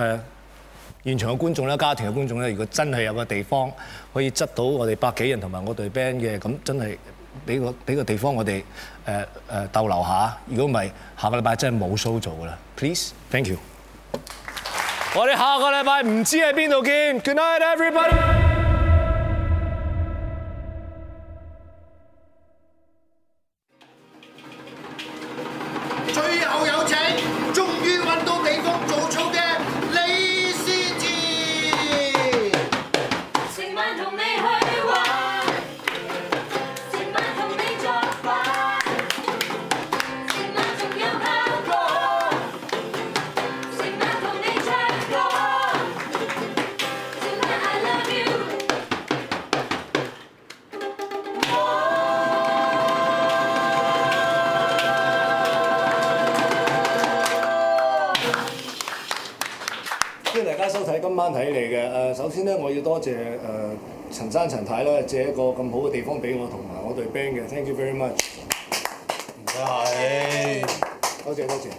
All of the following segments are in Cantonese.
誒現場嘅觀眾咧，家庭嘅觀眾咧，如果真係有個地方可以執到我哋百幾人同埋我隊 band 嘅，咁真係俾個俾個地方我哋誒誒逗留下。如果唔係下個禮拜真係冇 show 做啦。Please，thank you。我哋下個禮拜唔知喺邊度見。Good night，everybody。最後有請，終於揾到地方做抽睇嚟嘅首先咧，我要多謝誒陳生陳太咧，借一個咁好嘅地方俾我同埋我隊 band 嘅，thank you very much。唔使係，多謝多謝。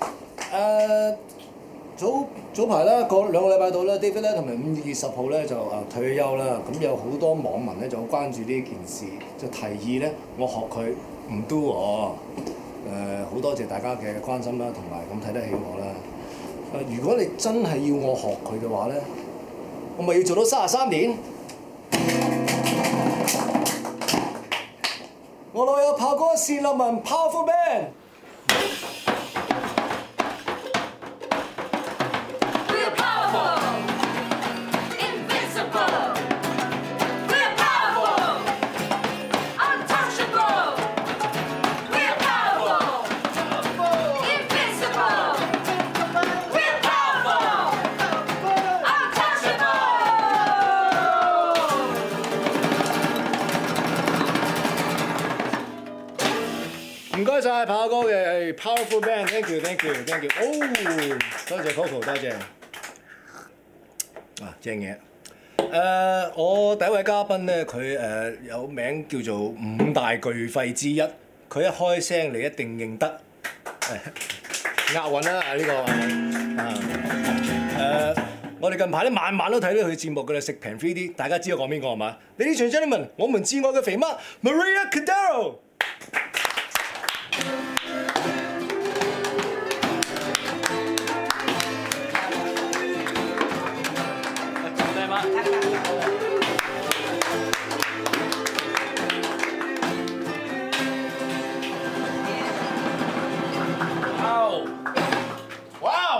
誒、uh,，早早排啦，過兩個禮拜到啦，David 咧同埋五月二十號咧就誒退休啦。咁有好多網民咧就關注呢件事，就提議咧我學佢唔 do。誒，好、uh, 多謝大家嘅關心啦，同埋咁睇得起我啦。誒、uh,，如果你真係要我學佢嘅話咧～我們要做到三十三年。我老友豹哥，單立文，Powerful man。阿哥嘅 Powerful Band，Thank you，Thank you，Thank you。哦，多謝 Coco，多謝。啊，正嘢。誒，我第一位嘉賓咧，佢誒有名叫做五大巨肺之一，佢一開聲你一定認得。押韻啦，呢個。誒，我哋近排咧晚晚都睇到佢嘅節目噶啦，食平 Three D，大家知道講邊個係嘛？Ladies and gentlemen，我們摯愛嘅肥媽 Maria Cordero。啊，哇哦，哇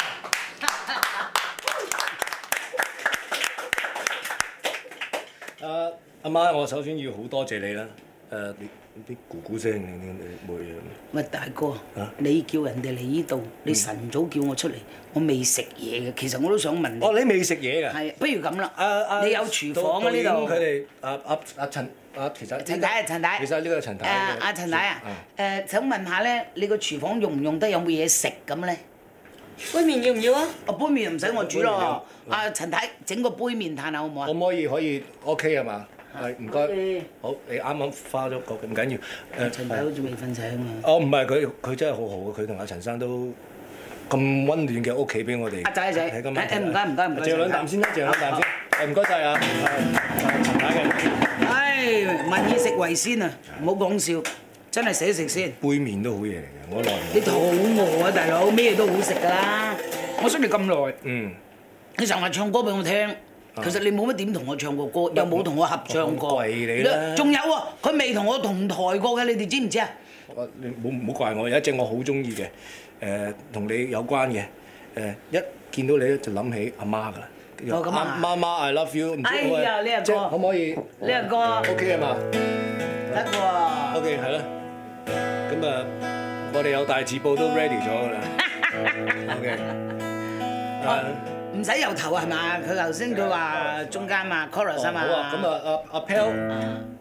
哦！阿媽，我首先要好多謝你啦。誒你啲啲咕咕聲，你你你冇嘢咩？喂，大哥，啊、你叫人哋嚟呢度，你晨早叫我出嚟，我未食嘢嘅，其實我都想問。哦，你未食嘢㗎？係，不如咁啦，啊，啊你有廚房嘅呢度？咁佢哋啊啊啊陳啊，陳太、啊這個。陳太啊，陳太。其實呢個陳太。啊啊陳太啊，誒想問下咧，你個廚房用唔用得有冇嘢食咁咧？杯麪要唔要，要啊？啊杯麪唔使我煮咯，啊陳太整個杯麪嘆下好唔好啊？可唔可以可以 OK 係嘛？係，唔該，好，你啱啱花咗個，唔緊要。陳仔好似未瞓醒啊嘛。哦，唔係，佢佢真係好好嘅，佢同阿陳生都咁溫暖嘅屋企俾我哋。阿仔阿仔，係咁啊！唔該唔該唔該。借兩啖先啦，借兩啖先。誒，唔該晒啊！陳仔嘅。誒，民以食為先啊！唔好講笑，真係寫食先。杯麵都好嘢嚟嘅，我耐。你肚餓啊，大佬，咩都好食㗎啦。我識你咁耐。嗯。你成日唱歌俾我聽。其實你冇乜點同我唱過歌，又冇同我合唱過。唔怪你啦。仲有喎，佢未同我同台過嘅，你哋知唔知啊？我你唔好怪我？有一隻我好中意嘅，誒同你有關嘅，誒一見到你咧就諗起阿媽噶啦。我咁啊。Mama I love you。哎呀，呢個歌。可唔可以？呢個歌。OK 啊嘛。得喎。OK 係咯。咁啊，我哋有大字報都 ready 咗㗎啦。OK。好。唔使由頭啊，係嘛？佢頭先佢話中間嘛，chorus 啊嘛。好啊，咁啊啊啊，p e l。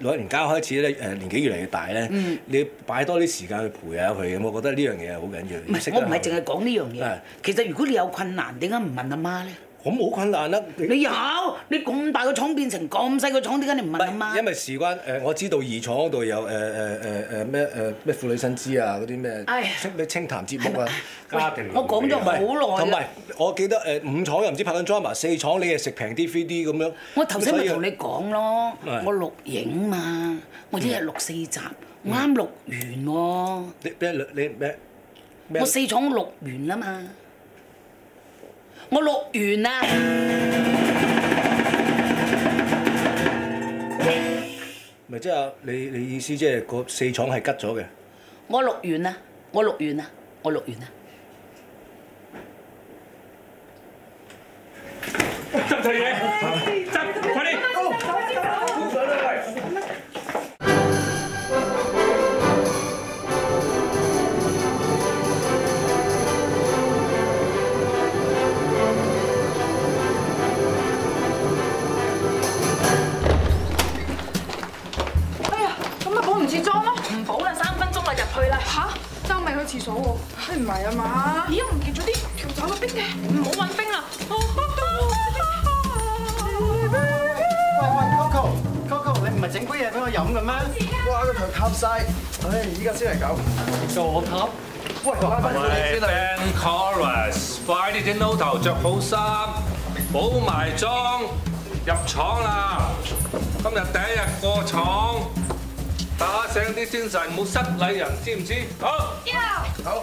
老人家開始咧，誒年紀越嚟越大咧，嗯，你要擺多啲時間去陪下佢，我覺得呢樣嘢係好緊要。唔係，我唔係淨係講呢樣嘢。其實如果你有困難，點解唔問阿媽咧？咁好困難啦、啊。你有你咁大個廠變成咁細個廠，點解你唔問啊？嘛，因為事關誒，我知道二廠嗰度有誒誒誒誒咩誒咩婦女新知啊嗰啲咩，清咩清談節目啊家庭，我講咗好耐。同埋我記得誒、呃、五廠又唔知拍緊 drama，四廠你係食平啲 DVD 咁樣。我頭先咪同你講咯，我錄影嘛，我一日錄四集，啱錄完喎、啊。你咩你咩我四廠錄完啦嘛。我錄完啦，咪即係你你意思即係個四廠係吉咗嘅？我錄完啦、啊，我錄完啦、啊，我錄完啦。真係嘅。唔係啊嘛，咦？我唔見咗啲調酒嘅冰嘅，唔好揾冰啦。喂喂，Coco，Coco，你唔係整杯嘢俾我飲嘅咩？哇！個台塌曬，唉！依家先嚟搞，做塌？喂，唔係。Band chorus，快啲整扭頭，著好衫，補埋裝，入廠啦！今日第一日過廠，打醒啲精神，唔好失禮人，知唔知？好。好。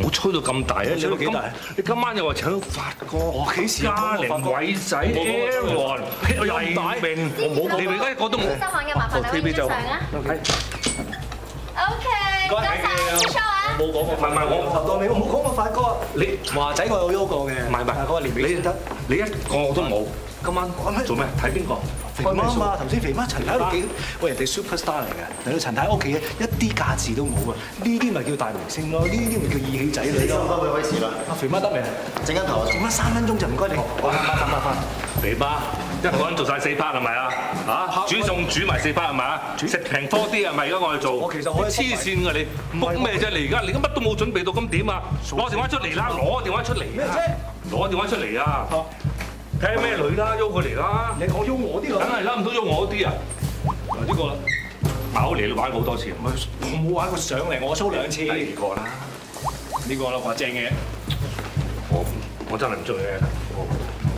唔好吹到咁大啊！吹到幾大？你今晚又話請發哥、嘉玲、偉仔、阿環、黎明，我冇講，你而家一個都冇。得閒又麻煩你，你做。OK，多謝。冇講，唔係唔係，我唔合到你，唔好講我發哥。你華仔我有邀過嘅。唔係唔係，你得你一個都冇。今晚做咩？睇邊個肥媽啊？頭先肥媽，肥媽陳太喺度幾？喂，人哋 superstar 嚟嘅，嚟到陳太喺屋企嘅一啲價值都冇啊！呢啲咪叫大明星咯？呢啲咪叫義氣仔嚟咯？唔該，唔該，事啦。阿肥媽得未？陣間頭先點啊？三分鐘就唔該你。我三巴三巴翻。肥媽，個媽，個肥媽一個人做晒四 part 係咪啊？嚇！煮餸煮埋四 part 係咪啊？食平多啲係咪？而家我去做。我其實可以黐線㗎你！冇咩啫你而家你而家乜都冇準備到咁點啊？攞電話出嚟啦！攞電話出嚟。咩啫？攞電話出嚟啊！睇咩女啦，邀佢嚟啦。你講邀我啲女，梗係啦，唔通邀我啲啊？嗱，呢個啦，阿歐嚟你玩過好多次，唔係我冇玩過上嚟，我抽兩次。呢個啦，呢個啦，話正嘅。我我真係唔做嘢，我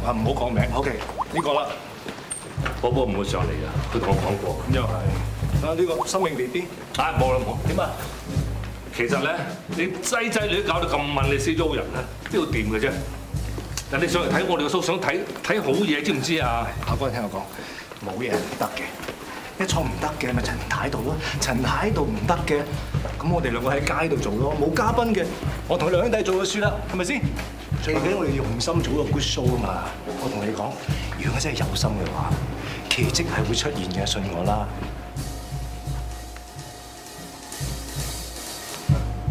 啊唔好講名。OK，呢個啦，波波唔會上嚟噶，佢同我講過。咁又係啊？呢個生命地點啊，冇啦冇，點啊？其實咧，你仔仔女都搞到咁問，你先喐人咧，邊度掂嘅啫？嗱，你上嚟睇我哋個 show，想睇睇好嘢，知唔知啊？阿哥你聽我講，冇嘢唔得嘅，一錯唔得嘅咪陳太度咯，陳太度唔得嘅，咁我哋兩個喺街度做咯，冇嘉賓嘅，我同你兩兄弟做咗算啦，係咪先？最緊我哋用心做個 good show 啊嘛，我同你講，如果真係有心嘅話，奇蹟係會出現嘅，信我啦。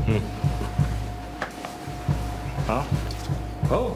嗯。啊。好。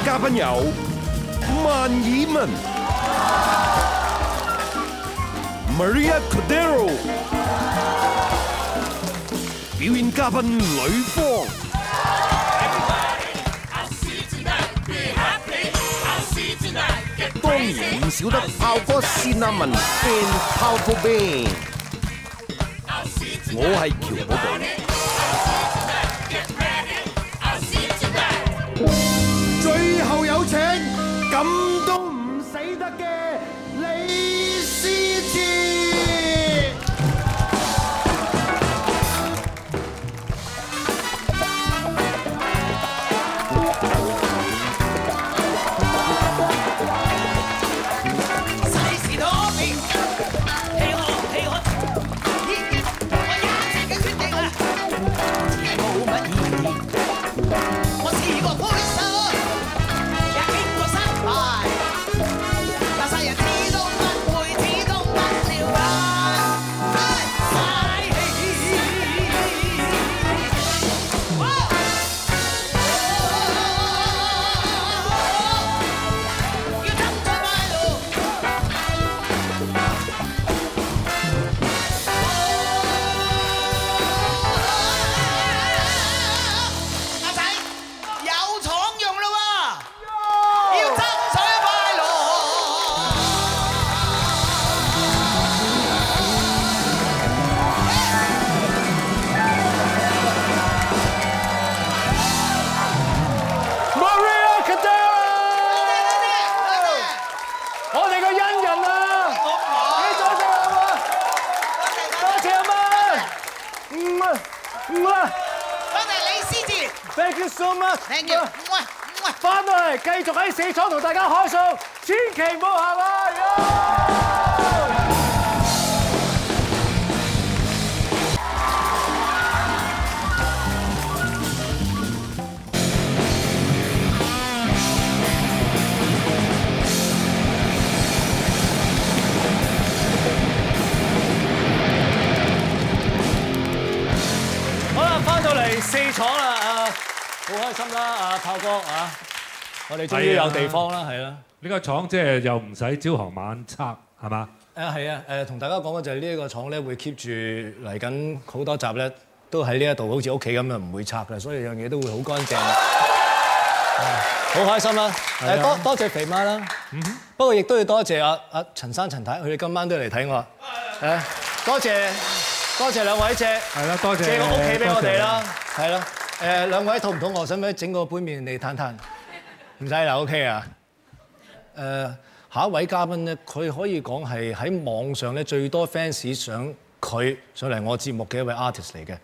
嘉賓有萬綺雯、Maria Cordero，表演嘉賓呂方。當然唔少得豹哥先啊，文 Ben 豹哥 Ben。我係橋哥。感動。唔啊唔啊，翻、嗯、嚟、嗯、李思捷，Thank you so much，Thank you，唔啊唔啊，翻嚟繼續喺四廠同大家開數，千祈唔好行啊。Yeah! 四廠啦，啊啊啊就是，啊，好、啊、開心啦，阿豹哥啊，我哋終於有地方啦，係啦。呢個廠即係又唔使朝行晚拆，係嘛？誒係啊，誒同大家講嘅就係呢一個廠咧會 keep 住嚟緊好多集咧，都喺呢一度好似屋企咁樣，唔會拆嘅，所以樣嘢都會好乾淨。好開心啦，誒多多謝肥媽啦，嗯哼。不過亦都要多謝阿阿陳生陳太，太，佢哋今晚都嚟睇我。誒、啊啊，多謝。多謝兩位借，借個屋企俾我哋啦，係咯。誒，兩位肚唔肚餓？想唔想整個杯麵嚟嘆嘆？唔使啦，OK 啊。誒，下一位嘉賓咧，佢可以講係喺網上咧最多 fans 想佢上嚟我節目嘅一位 artist 嚟嘅。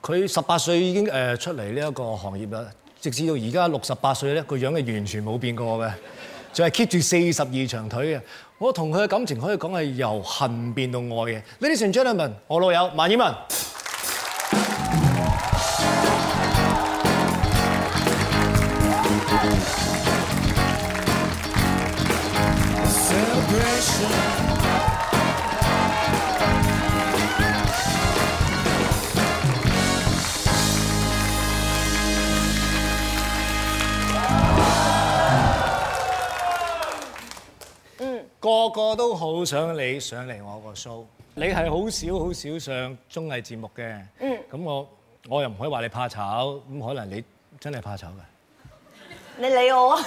佢十八歲已經誒出嚟呢一個行業啦，直至到而家六十八歲咧，個樣係完全冇變過嘅。就係 keep 住四十二長腿嘅，我同佢嘅感情可以講係由恨變到愛嘅。Ladies and gentlemen，我老友萬綺雯。好想你上嚟我個 show，你係好少好少上綜藝節目嘅，咁我我又唔可以話你怕醜，咁可能你真係怕醜㗎。你理我啊？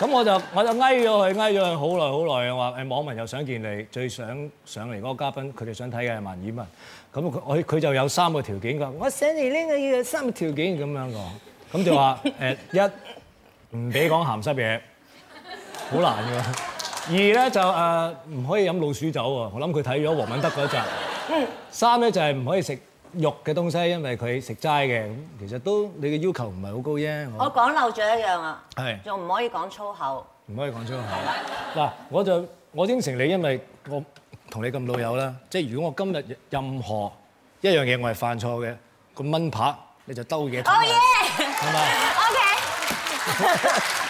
咁我就我就挨咗佢，挨咗佢好耐好耐啊！話誒網民又想見你，最想上嚟嗰個嘉賓，佢哋想睇嘅係萬綺雯。咁佢佢就有三個條件㗎，我上嚟呢個要有三個條件咁樣講。咁就話誒一唔俾講鹹濕嘢，好難㗎。二咧就誒唔可以飲老鼠酒喎，我諗佢睇咗黃敏德嗰集。三咧就係唔可以食肉嘅東西，因為佢食齋嘅。咁其實都你嘅要求唔係好高啫。我講漏咗一樣啊，係，仲唔可以講粗口？唔可以講粗口。嗱，我就我應承你，因為我同你咁老友啦，即係如果我今日任何一樣嘢我係犯錯嘅，個蚊拍你就兜嘢出嚟。好嘢。係咪？OK。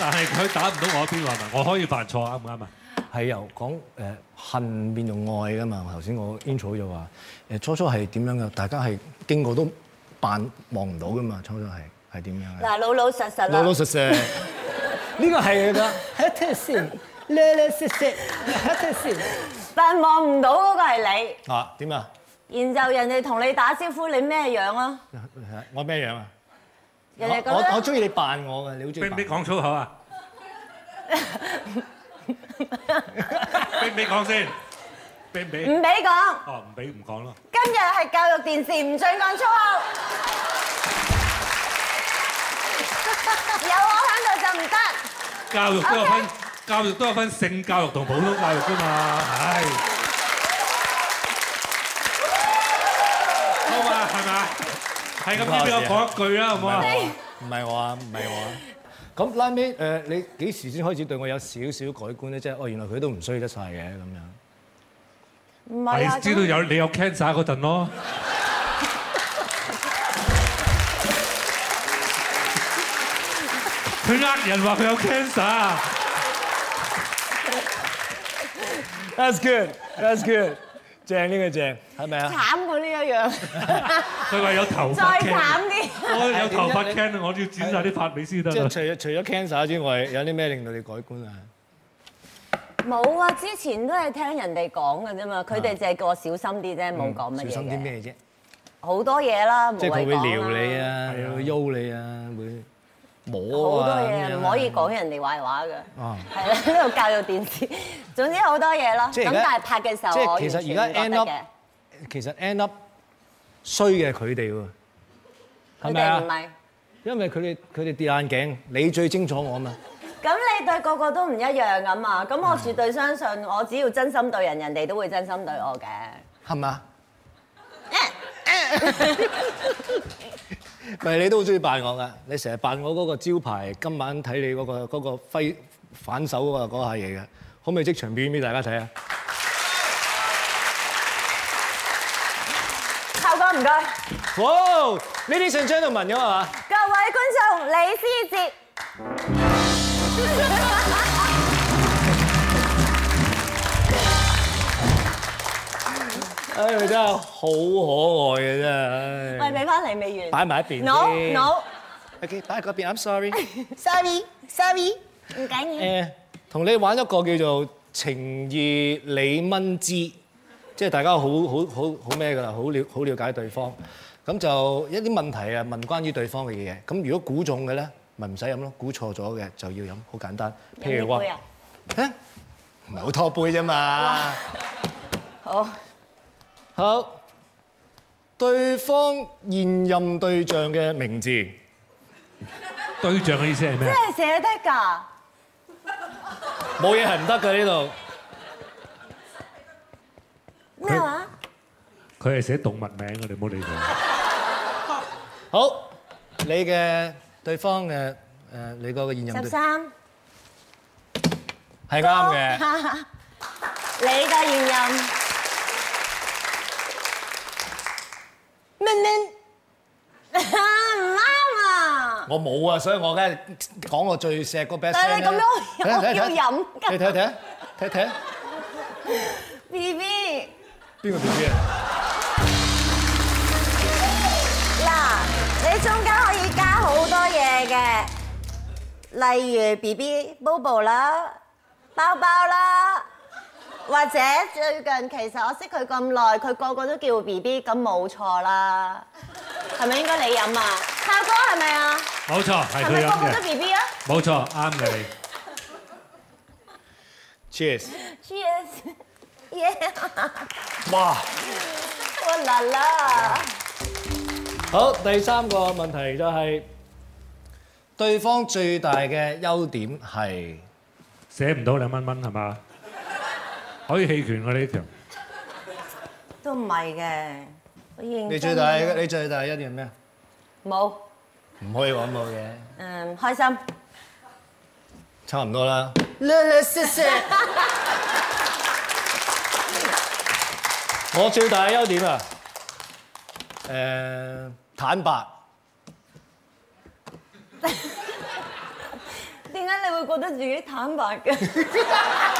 但係佢打唔到我篇文啊！我可以犯錯啱唔啱啊？係由講誒、呃、恨變做愛噶嘛？頭先我 intro 就話誒初初係點樣嘅？大家係經過都扮望唔到噶嘛？初初係係點樣啊？嗱，老老實實啦。老，老老實實，呢 個係㗎。睇睇先，瀨瀨瀨瀨，睇睇先。但係望唔到嗰個係你。啊？點啊？然後人哋同你打招呼，你咩樣啊？我咩樣啊？我我中意你扮我㗎，你好中意。唔俾講粗口啊！唔俾講先，唔俾唔俾講。哦，唔俾唔講咯。今日係教育電視，唔準講粗口。有我喺度就唔得。教育都有分，教育都有分性教育同普通教育㗎嘛，唉。好啊，係咪？係咁，你畀我講一句啦，好唔好？唔係我啊，唔係我啊。咁拉尾誒，Mate，你幾時先開始對我有少少改觀咧？即係哦，原來佢都唔需要得晒嘅咁樣。唔係啊！知道有你有 cancer 嗰陣咯。佢呃 人話佢有 cancer。That's good. That's good. 正呢個正，係咪啊？慘過呢一樣。佢 話有頭髮 can，再慘啲。我有頭髮 can，我都要剪晒啲髮尾先得。即係除咗除咗 cancer 之外，有啲咩令到你改觀啊？冇啊，之前都係聽人哋講嘅啫嘛，佢哋淨係叫我小心啲啫，冇講乜嘢。小心啲咩啫？好多嘢啦，即係佢會撩你啊，會喐你啊，會。冇啊！好多嘢唔可以講人哋壞話嘅，係、啊、啦，呢度教育電視，總之好多嘢咯。咁但係拍嘅時候即，我完全而家覺得嘅。其實 end up 衰嘅係佢哋喎，係咪啊？因為佢哋佢哋跌眼鏡，你最清楚我嘛。咁你對個個都唔一樣咁啊？咁我絕對相信，我只要真心對人，人哋都會真心對我嘅。係咪啊？ 咪你都好中意扮我嘅，你成日扮我嗰個招牌，今晚睇你嗰個嗰個揮反手嗰個嗰下嘢嘅，可唔可以即場表演俾大家睇啊？豹哥唔該。哇 Ladies and gentlemen 咁嘛！各位觀眾，李思捷。 唉，真係好可愛嘅真係。咪未翻嚟咪完，擺埋一邊先。No，No。OK，擺喺嗰邊。I'm sorry。Sorry，sorry，唔緊要。誒，同你玩一個叫做情義李蚊枝，即係大家好好好好咩㗎啦，好了好了解對方。咁就一啲問題啊，問關於對方嘅嘢。咁如果估中嘅咧，咪唔使飲咯；估錯咗嘅就要飲，好簡單。譬如話啊，嚇，唔係好拖杯啫嘛。好。好，對方現任對象嘅名字。對象嘅意思係咩？即係寫得㗎，冇嘢係唔得㗎。呢度咩話？佢係寫動物名，我哋唔好理佢。好，你嘅對方嘅，你個現任。十三。係啱嘅。你個現任。明明唔啱啊！我冇啊，所以我梗係講我最錫嗰筆先。但係你咁樣又飲？睇睇睇睇睇，B B。邊個 B B？嗱，你中間可以加好多嘢嘅，例如 B B、Bubble 啦、包包啦。或者最近其實我識佢咁耐，佢個個都叫 B B，咁冇錯啦，係咪應該你飲啊？豹哥係咪啊？冇錯，係佢飲嘅。係咪放咗 B B 啊？冇錯，啱嘅你。Cheers。Cheers。Yeah。哇！哇啦啦！好，第三個問題就係對方最大嘅優點係寫唔到兩蚊蚊係嘛？可以棄權嘅，呢條都唔係嘅，我認。你最大嘅你最大優點係咩？冇。唔可以講冇嘅。誒，開心。差唔多啦。啦啦啦啦！我最大嘅優點啊，誒，坦白。點解你會覺得自己坦白嘅？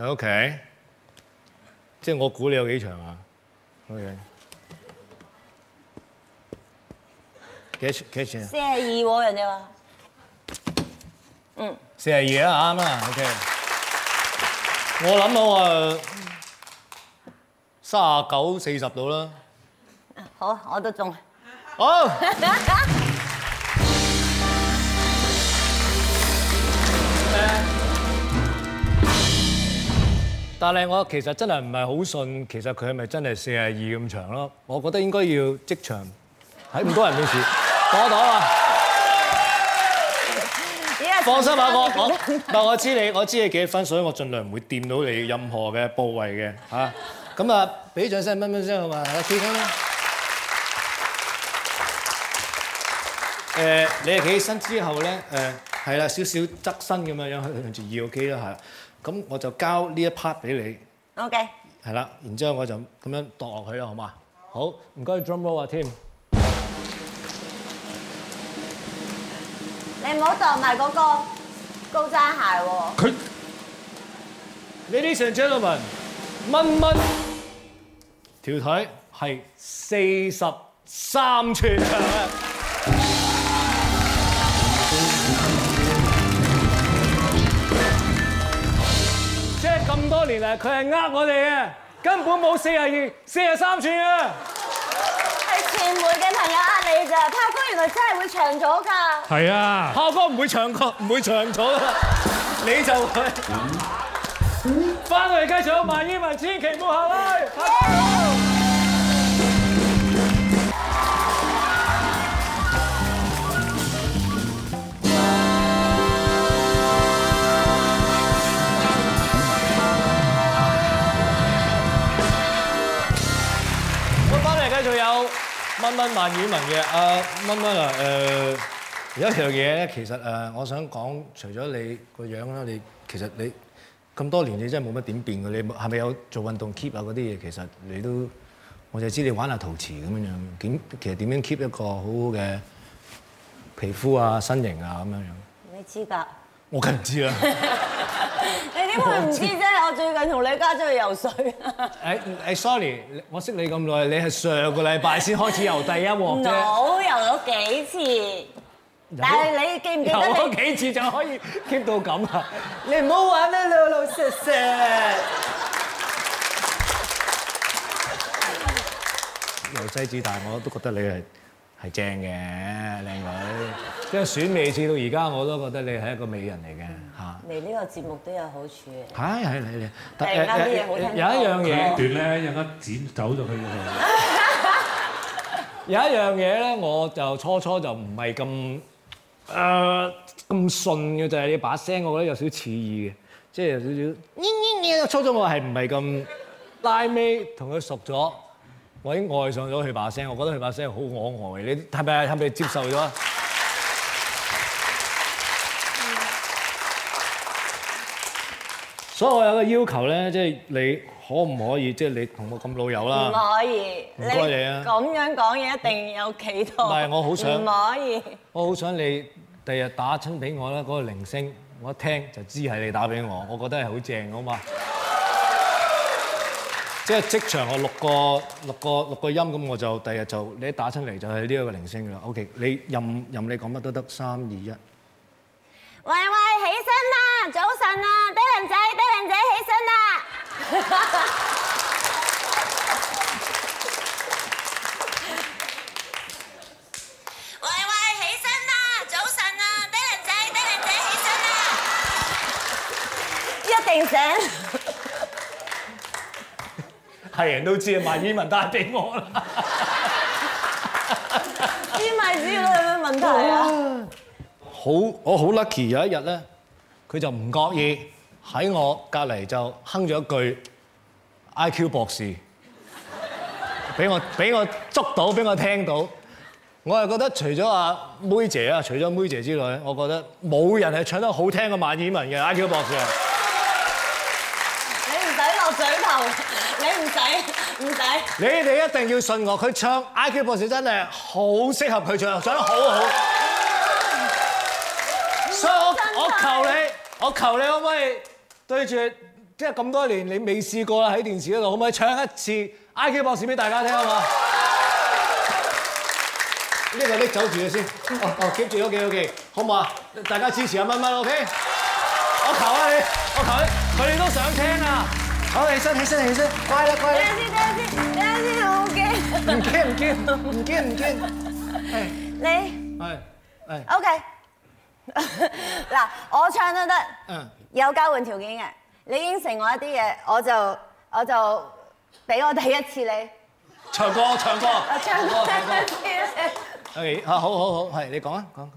O.K.，即係我估你有幾長啊？O.K. 幾長？幾長啊？四廿二喎，人哋話。嗯。四廿二啊，啱啦。O.K. 我諗到啊三廿九、四十度啦。好，我都中。好。但係我其實真係唔係好信，其實佢係咪真係四廿二咁長咯？我覺得應該要即場喺咁多人面前攞攞啊！放心啊，我我唔係我知你我知你幾分，所以我盡量唔會掂到你任何嘅部位嘅嚇。咁啊，俾啲掌聲，蚊蚊聲好嘛？係啦，起身啦。誒，你起身之後咧，誒係啦，少少側身咁嘅樣去向住二號機啦，係。咁我就交呢一 part 俾你。O K。係啦，然之後我就咁樣度落去啦，好嘛？好，唔該，drum roll 啊，Tim。你唔好度埋嗰個高踭鞋喎。佢。Ladies and gentlemen，蚊蚊條腿係四十三寸長嘅！佢係呃我哋嘅，根本冇四廿二、四廿三寸啊！係傳媒嘅朋友呃你咋？豹哥原來真係會長咗㗎。係啊。豹哥唔會長，唔會長咗啦。你就會翻去繼續萬綺雯千祈唔好下落。蚊蚊萬綺雯嘅阿蚊蚊啊，誒有一樣嘢咧，其實誒、呃、我想講，除咗你個樣啦，你其實你咁多年你真係冇乜點變嘅，你係咪有做運動 keep 啊啲嘢？其實你都，我就知你玩下陶瓷咁樣樣點其實點樣 keep 一個好好嘅皮膚啊、身形啊咁樣樣，你知㗎？ 我梗唔知啊，你點會唔知啫？最近同你家姐去游水啊！誒 誒，sorry，我識你咁耐，你係上個禮拜先開始游第一喎，唔好游咗幾次，但係你記唔記得？游咗幾次就可以 keep 到咁啊！ 你唔好玩咩，老老實實，由細至大我都覺得你係係正嘅靚女，即係選美至到而家，我都覺得你係一個美人嚟嘅。嚟呢個節目都有好處。係係嚟嚟，但係有一樣嘢段咧，有啲剪走咗佢嘅。有一樣嘢咧，我就初初就唔係咁誒咁順嘅，就係你把聲，我覺得有少少似意嘅，即係有少少。初初我係唔係咁拉尾，同佢熟咗，我已經愛上咗佢把聲，我覺得佢把聲好可愛。你係咪，係咪接受咗？所以我有個要求咧，即係你可唔可以即係你同我咁老友啦？唔可以。唔該你啊！咁樣講嘢一定有企圖。唔係，我好想。唔可以。我好想你第日打親俾我啦，嗰個鈴聲我一聽就知係你打俾我，我覺得係好正㗎嘛。即係即場我錄個錄個錄個音，咁我就第日就你一打親嚟就係呢一個鈴聲㗎啦。OK，你任任你講乜都得，三二一，喂喂，起身啦！早晨啊，低能仔，低能仔起身啦！喂喂，起身啦！早晨啊，低能仔，低能仔起身啦！一定醒，係人都知啊，萬綺雯帶俾我啦。依咪知道有咩問題啊？好，我好 lucky，有一日咧。佢就唔覺意喺我隔離就哼咗一句 I Q 博士，俾我俾我捉到，俾我聽到。我係覺得除咗阿妹姐啊，除咗妹姐之外，我覺得冇人係唱得好聽過萬綺雯嘅 I Q 博士。你唔使落嘴頭，你唔使唔使。你哋一定要信我，佢唱 I Q 博士真係，好適合佢唱，唱得好好。所以我我求你。我求你可唔可以對住即係咁多年你未試過啦喺電視嗰度，可唔可以唱一次《IQ 博士》俾大家聽好唔好？呢就拎走住佢、嗯、先。哦哦，記住，OK，OK，好唔好啊？大家支持一蚊蚊。OK 我求下你，我求你，佢哋都想聽啊！好，起身，起身，起身，乖啦，乖。等下先，等下先，等下先好驚唔驚唔驚，唔驚唔驚。誒，你。係。係。OK。嗱， 我唱都得，有交換條件嘅，你應承我一啲嘢，我就我就俾我第一次你唱歌唱歌，唱歌唱歌。啊， 好好好，係你講啊，講講。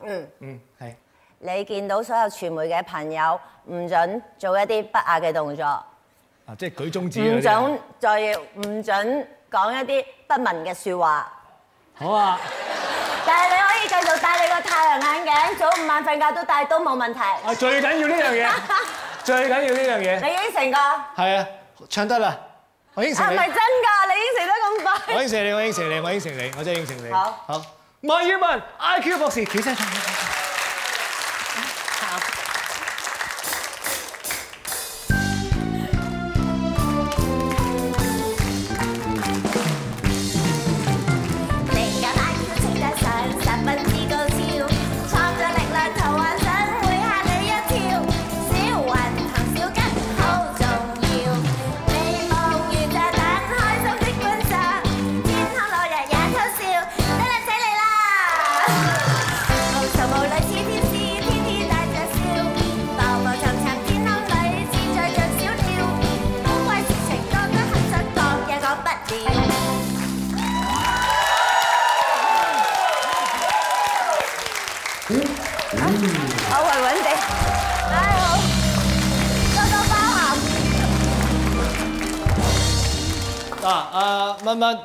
嗯嗯，係。你見到所有傳媒嘅朋友，唔準做一啲不雅嘅動作。啊，即係舉中指。唔準再要，唔準講一啲不文嘅説話。好啊。但係你可以繼續戴你個太陽眼鏡，早午晚瞓覺都戴都冇問題。啊， 最緊要呢樣嘢，最緊要呢樣嘢。你應承㗎？係啊，唱得啦，我應承你。係咪真㗎？你應承得咁快？我應承你，我應承你，我應承你，我真係應承你，你，你。好，好。萬綺雯 IQ 博士，起身。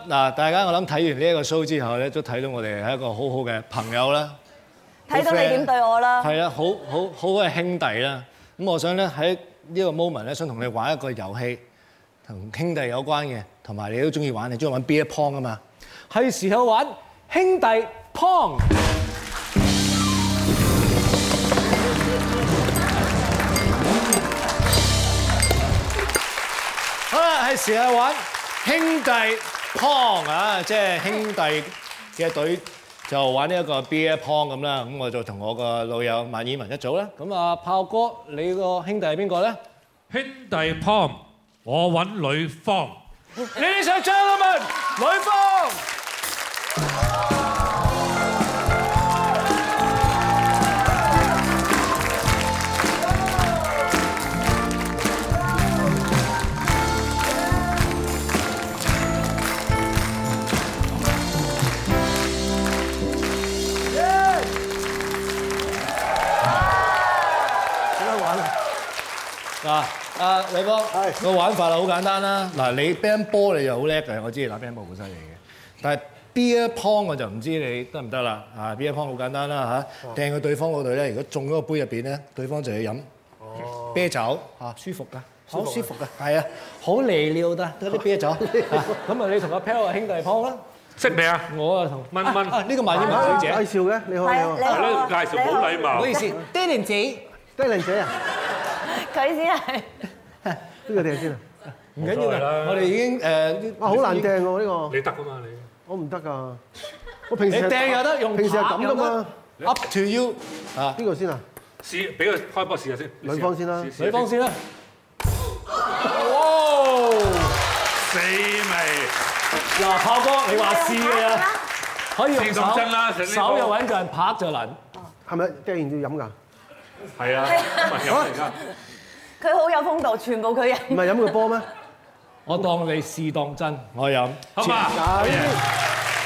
嗱，大家我諗睇完呢一個 show 之後咧，都睇到我哋係一個好好嘅朋友啦。睇到你點對我啦？係啊，好好好嘅兄弟啦。咁我想咧喺呢個 moment 咧，想同你玩一個遊戲，同兄弟有關嘅，同埋你都中意玩，你中意玩 Beer Pong 啊嘛。係時候玩兄弟 Pong，好。好啦，係時候玩兄弟。Pong 啊，即係兄弟嘅隊就玩呢、這、一個 Beer Pong 咁啦。咁我就同我個老友萬綺雯一組啦。咁啊，豹哥，你個兄弟係邊個咧？兄弟 Pong，我揾呂方。你哋想 challenge 呂方。啊，李哥，個玩法啦好簡單啦。嗱，你乒乓你就好叻嘅，我知你打乒乓好犀利嘅。但係啤 Pong 我就唔知你得唔得啦。啊，啤 Pong 好簡單啦嚇，掟去對方嗰度咧，如果中咗個杯入邊咧，對方就要飲啤酒嚇，舒服噶，好舒服噶，係啊，好利尿㗎，嗰啲啤酒。咁啊，你同阿 Paul 兄弟 Pong 啦。識未啊？我啊同蚊蚊。啊，呢個萬綺雯小姐介紹嘅，你好你好。係啦，介紹好禮貌。唔好意思，爹哋子，爹哋子啊，佢先係。呢個掟先我已經啊？唔緊要啊。我哋已經誒，哇好難掟喎呢個。你得㗎嘛你？我唔得㗎，我平時。你掟得用平時係咁㗎嘛。Up to you，啊，邊個先啊？試俾佢開波試下先，女方先啦，女方先啦。哇！死咪嗱，豹、呃、哥你話試嘅啦，可以用手手又穩人拍就難。哦，係咪掟完要飲㗎？係啊，唔係飲㗎。佢好有風度，全部佢飲。唔係飲佢波咩？我當你事當真，我飲。好嘛？呢啲呢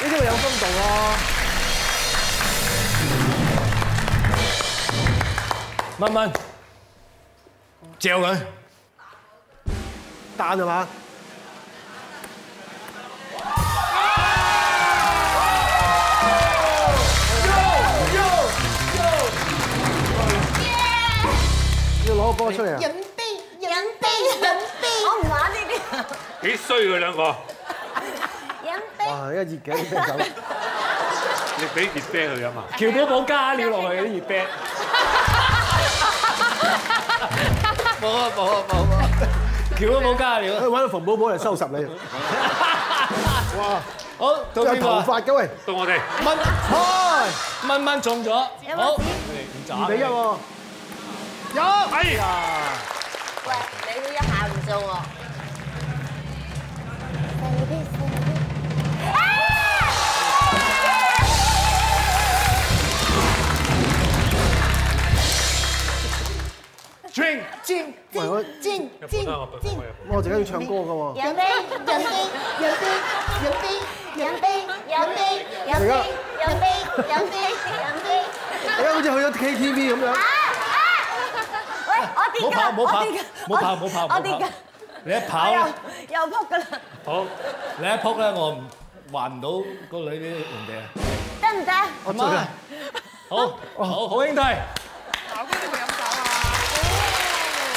啲咪有風度咯。蚊蚊？叫佢蛋係嘛？有有有！耶！有攞波出嚟啊！幾衰佢兩個！哇，啲熱啤，你俾熱啤佢飲啊！橋都冇加料落去啲熱啤，冇啊冇啊冇啊！橋都冇加料，揾到馮寶寶嚟收拾你！哇，好，有頭髮嘅位到我哋，掹開，蚊蚊中咗，好，唔俾音喎，有，哎呀，喂，你呢一下唔中喎！尖，唔係我尖尖尖，我而家要唱歌㗎喎。飲杯，飲杯，飲杯，飲杯，飲杯，飲杯，飲杯，飲杯，飲杯。而家好似去咗 KTV 咁樣。啊啊！喂，我點解？我點解？我點解？我點解？你一跑又又仆㗎啦。好，你一仆咧，我唔還唔到個女呢兄弟啊。得唔得？我走啦。好，好好兄弟。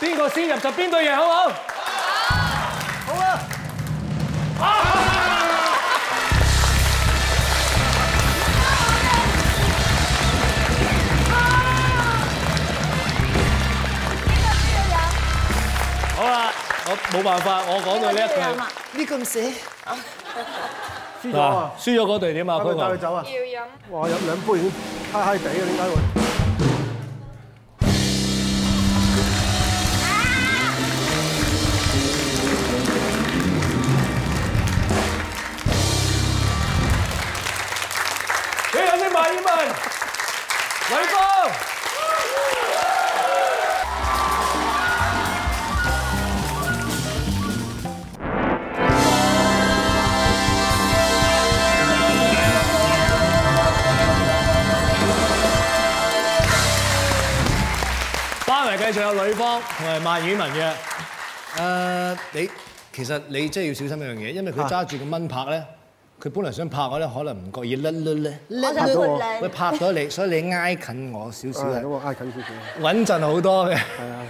邊個先入就邊隊贏，好唔好？好啊！好啦，我冇辦法，我講到呢一句。呢咁死，輸咗啊！輸咗嗰隊點啊？要飲，哇！飲兩杯，嗨嗨哋啊！點解會？呂方，翻嚟繼續有呂方同埋萬綺雯嘅、呃。你其實你真係要小心一樣嘢，因為佢揸住個蚊拍呢。佢本來想拍我咧，可能唔覺意甩甩咧，拍到我，佢拍到你，所以你挨近我少少係，挨近少少，穩陣好多嘅。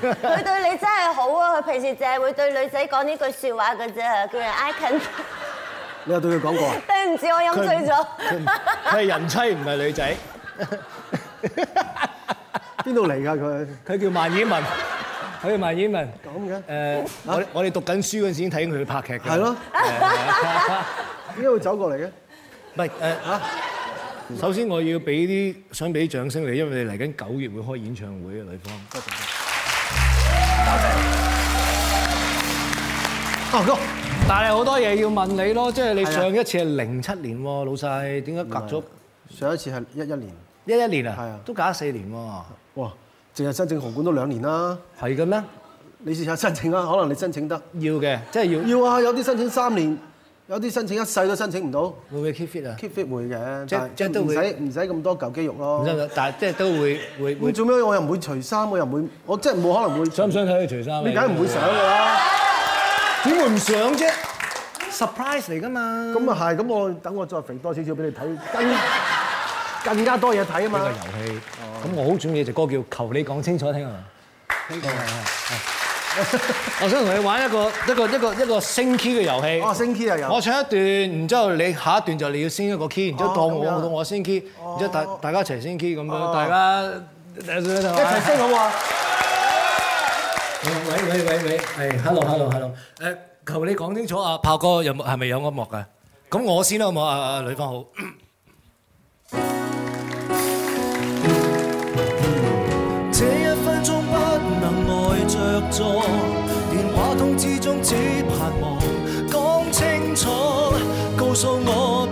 佢對你真係好啊！佢平時淨係會對女仔講呢句説話嘅啫，叫人挨近。你有對佢講過？對唔住，我飲醉咗。佢係人妻唔係女仔。邊度嚟㗎？佢佢叫萬綺雯，佢叫萬綺雯。咁嘅。誒，我我哋讀緊書嗰陣時已經睇到佢拍劇㗎。係咯。點解會走過嚟嘅？唔係誒。首先我要俾啲想俾啲掌聲你，因為你嚟緊九月會開演唱會嘅呂方。多謝。多謝。哦，嗱，但係好多嘢要問你咯，即係你上一次係零七年喎，老細。點解隔咗？上一次係一一年。一一年啊？係啊。都隔咗四年喎。哇！淨係申請紅館都兩年啦。係嘅咩？你試下申請啦，可能你申請得。要嘅，即係要。要啊！有啲申請三年。有啲申請一世都申請唔到，會唔會 keep fit 啊？keep fit 會嘅，即係即係都唔使唔使咁多嚿肌肉咯。但係即係都會會。咁做咩？我又唔會除衫，我又唔會，我即係冇可能會。想唔想睇你除衫？你梗係唔會想㗎啦。點、啊、會唔想啫？surprise 嚟㗎嘛。咁啊係，咁我等我再肥多少少俾你睇，更更加多嘢睇啊嘛。呢個遊戲，咁、哦、我好中意隻歌叫《求你講清楚》聽啊。聽過。 我想同你玩一個一個一個一個升 key 嘅遊戲。我、哦、升 key 又有。我唱一段，然之後你下一段就你要先一個 key，然之後到我到我先 key，然之後大大家一齊先 key 咁樣，大家一齊升好唔好啊？喂喂喂喂，係、嗯嗯嗯 hey, hey, hey, hey. hey, hello hello hello。誒，求你講清楚啊，豹哥有冇係咪有音樂㗎？咁我先啦，好唔好啊？呂、呃、方好。電話筒之中只，只盼望講清楚，告訴我。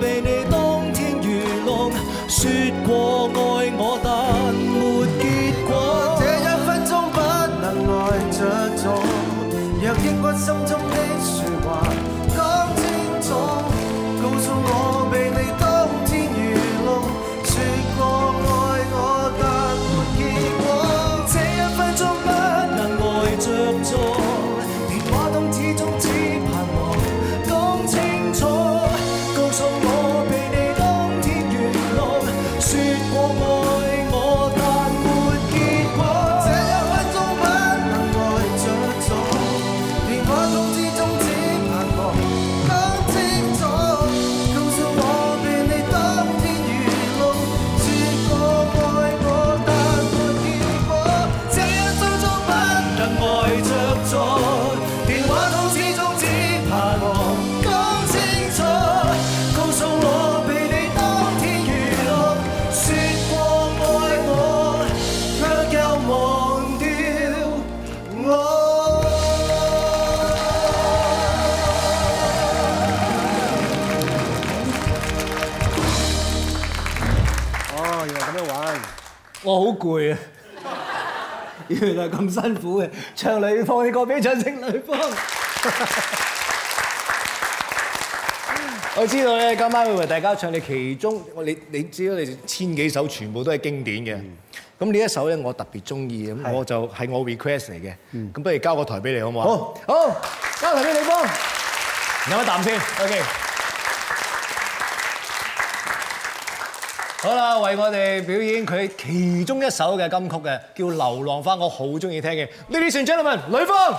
好攰啊！原來咁辛苦嘅，唱呂方嘅歌俾唱剩呂方。 我知道咧，今晚會為大家唱你其中，我你你知道你千幾首全部都係經典嘅。咁、嗯、呢一首咧，我特別中意咁，我就係、是、我 request 嚟嘅。咁、嗯、不如交個台俾你好唔好？好，好，交台俾呂方飲一啖先。OK。好啦，為我哋表演佢其中一首嘅金曲嘅，叫《流浪花》，我好中意聽嘅。Ladies and gentlemen，呂方。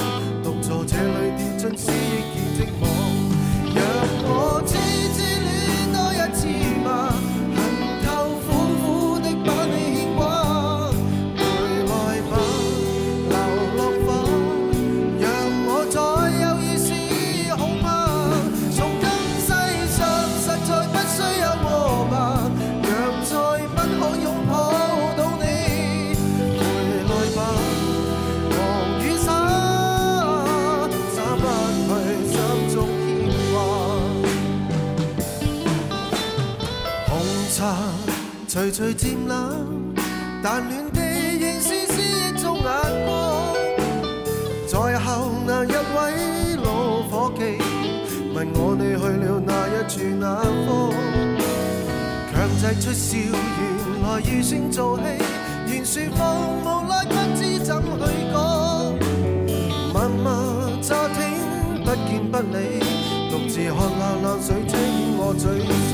最漸冷但暖的仍是思憶中眼光。在後那一位老伙計，問我你去了哪一處哪方。強擠出笑，原來遇事做戲，言說謊，無奈不知怎去講。默默乍聽，不見不理，獨自喝下冷水清我嘴。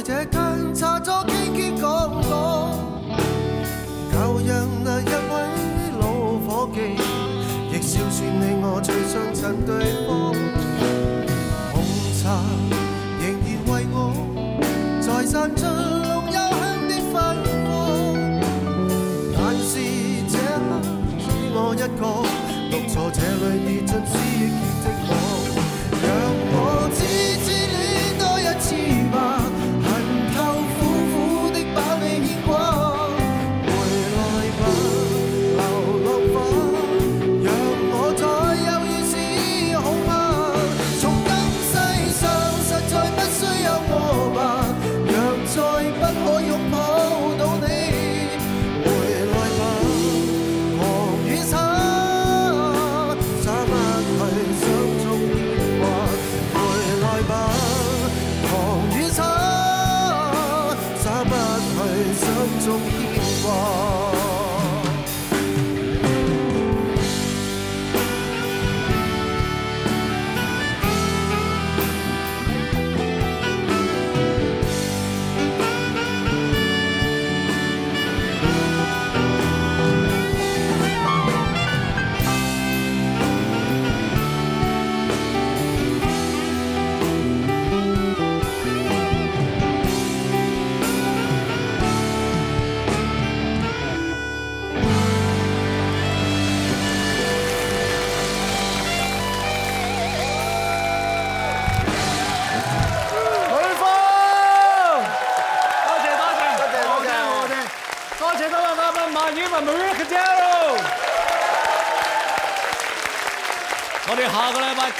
在這間茶座，傾傾講講，舊日那一位老伙計，亦笑說你我最相信對方。紅茶仍然為我，再散出濃幽香的粉芳。但是這刻只我一個，獨坐這裏，已盡。